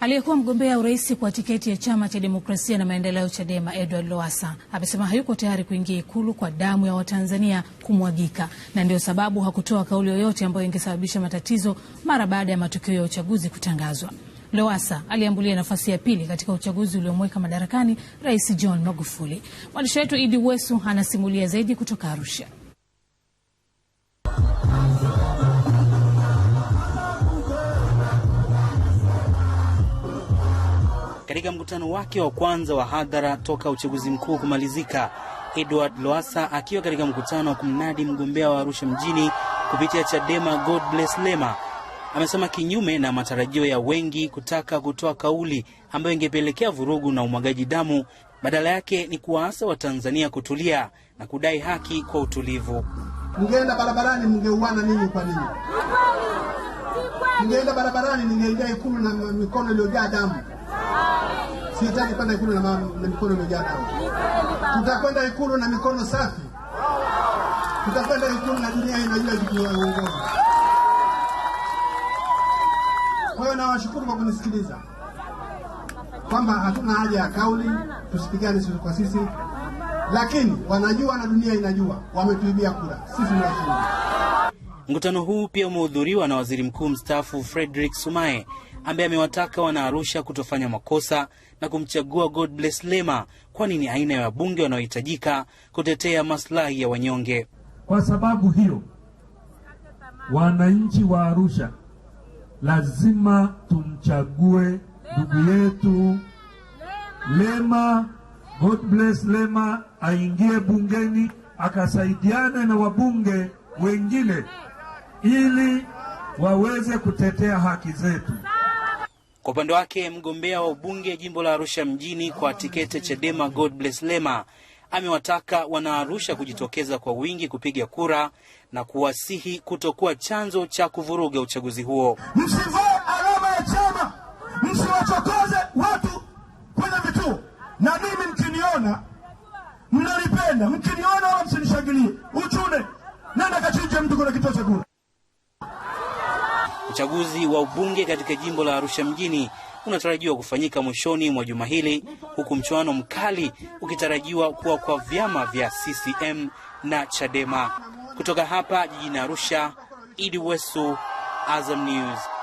Aliyekuwa mgombea urais kwa tiketi ya chama cha demokrasia na maendeleo Chadema, Edward Lowassa amesema hayuko tayari kuingia Ikulu kwa damu ya Watanzania kumwagika, na ndio sababu hakutoa kauli yoyote ambayo ingesababisha matatizo mara baada ya matokeo ya uchaguzi kutangazwa. Lowassa aliambulia nafasi ya pili katika uchaguzi uliomweka madarakani Rais John Magufuli. Mwandishi wetu Idi Wesu anasimulia zaidi kutoka Arusha. Katika mkutano wake wa kwanza wa hadhara toka uchaguzi mkuu kumalizika, Edward Lowassa akiwa katika mkutano wa kumnadi mgombea wa Arusha mjini kupitia Chadema God Bless Lema amesema kinyume na matarajio ya wengi kutaka kutoa kauli ambayo ingepelekea vurugu na umwagaji damu, badala yake ni kuwaasa Watanzania kutulia na kudai haki kwa utulivu. Mngeenda barabarani mngeuana nini kwa nini mngeenda barabarani ningeidai kumi na mikono iliyojaa damu Sihitaji kwenda Ikulu na mikono imejaa damu. Tutakwenda Ikulu na mikono safi, tutakwenda Ikulu na dunia inajua juu uongozi. Kwa hiyo nawashukuru kwa kunisikiliza, kwamba hatuna haja ya kauli, tusipigane sisi kwa sisi, lakini wanajua na dunia inajua wametuibia kura, sisi tunashinda. Mkutano huu pia umehudhuriwa na waziri mkuu mstaafu Frederick Sumaye ambaye amewataka wanaarusha kutofanya makosa na kumchagua Godbless Lema, kwani ni aina ya wabunge wanaohitajika kutetea maslahi ya wanyonge. Kwa sababu hiyo, wananchi wa Arusha lazima tumchague ndugu yetu Lema, Godbless Lema aingie bungeni akasaidiana na wabunge wengine ili waweze kutetea haki zetu. Kwa upande wake mgombea wa ubunge jimbo la Arusha mjini kwa tiketi Chadema Bless Lema amewataka Wanaarusha kujitokeza kwa wingi kupiga kura na kuwasihi kutokuwa chanzo cha kuvuruga uchaguzi huo. msivae alama ya chama, msiwachokoze watu kwenye vituo, na mimi mkiniona mnalipenda, mkiniona wala msinishangilie, uchune nenda kachinje mtu kwenye kituo cha kura. Uchaguzi wa ubunge katika jimbo la Arusha mjini unatarajiwa kufanyika mwishoni mwa juma hili, huku mchuano mkali ukitarajiwa kuwa kwa vyama vya CCM na Chadema. Kutoka hapa jijini Arusha, Idi Wesu, Azam News.